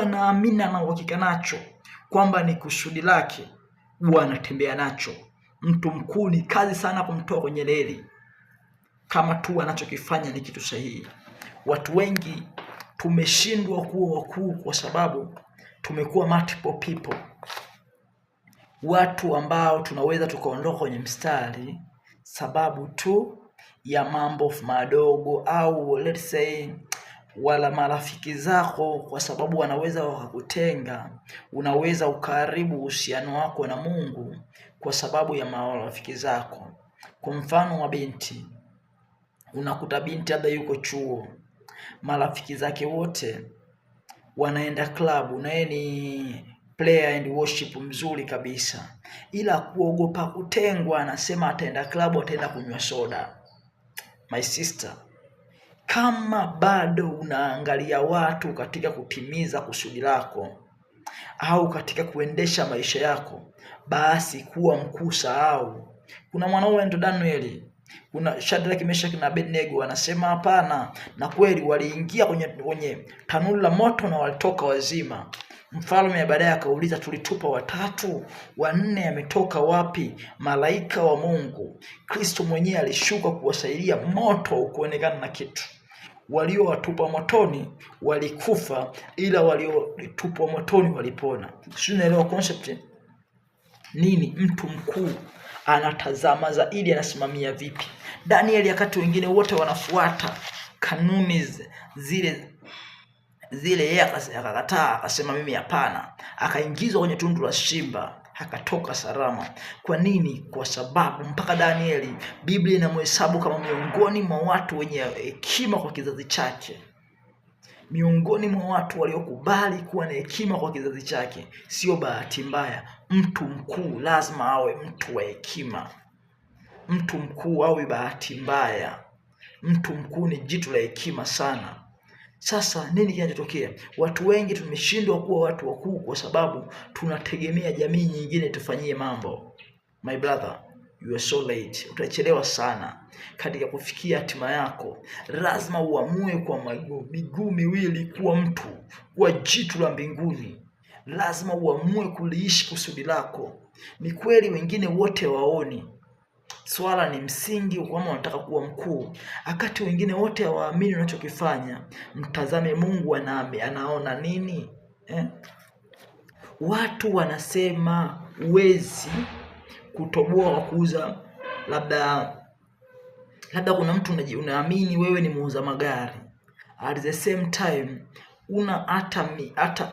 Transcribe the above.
anaamini naamini na uhakika nacho kwamba ni kusudi lake, huwa anatembea nacho. Mtu mkuu ni kazi sana kumtoa kwenye reli kama tu anachokifanya ni kitu sahihi. Watu wengi tumeshindwa kuwa wakuu kwa sababu tumekuwa multiple people, watu ambao tunaweza tukaondoka kwenye mstari sababu tu ya mambo madogo au let's say wala marafiki zako, kwa sababu wanaweza wakakutenga. Unaweza ukaharibu uhusiano wako na Mungu kwa sababu ya marafiki zako. Kwa mfano wa binti, unakuta binti labda yuko chuo, marafiki zake wote wanaenda klabu na yeye ni player and worship mzuri kabisa, ila kuogopa kutengwa, anasema ataenda klabu, ataenda kunywa soda. My sister kama bado unaangalia watu katika kutimiza kusudi lako au katika kuendesha maisha yako, basi kuwa mkuu sahau. Kuna mwanaume ndo Danieli, kuna shadraki Meshach na Abednego wanasema hapana, na kweli waliingia kwenye kwenye tanuru la moto na walitoka wazima. Mfalme baadaye akauliza, tulitupa watatu, wanne ametoka wapi? Malaika wa Mungu Kristo mwenyewe alishuka kuwasaidia. Moto ukuonekana na kitu waliowatupa motoni walikufa, ila waliotupwa motoni walipona. Sio, unaelewa concept nini? Mtu mkuu anatazama zaidi, anasimamia vipi. Danieli, wakati wengine wote wanafuata kanuni zile zile, yeye akakataa, akasema mimi hapana. Akaingizwa kwenye tundu la simba akatoka salama. Kwa nini? Kwa sababu mpaka Danieli Biblia inamhesabu kama miongoni mwa watu wenye hekima kwa kizazi chake, miongoni mwa watu waliokubali kuwa na hekima kwa kizazi chake. Sio bahati mbaya, mtu mkuu lazima awe mtu wa hekima. Mtu mkuu awe bahati mbaya, mtu mkuu ni jitu la hekima sana. Sasa nini kinachotokea? Watu wengi tumeshindwa kuwa watu wakuu kwa sababu tunategemea jamii nyingine tufanyie mambo. My brother, you are so late. Utachelewa sana katika kufikia hatima yako. Lazima uamue kwa miguu miwili kuwa mtu, kuwa jitu la mbinguni. Lazima uamue kuliishi kusudi lako. Ni kweli wengine wote waoni swala ni msingi kama unataka kuwa mkuu, wakati wengine wote hawaamini unachokifanya. Mtazame Mungu anaame, anaona nini eh? Watu wanasema uwezi kutoboa kwa kuuza labda labda kuna mtu unaamini wewe ni muuza magari, at the same time una hata hata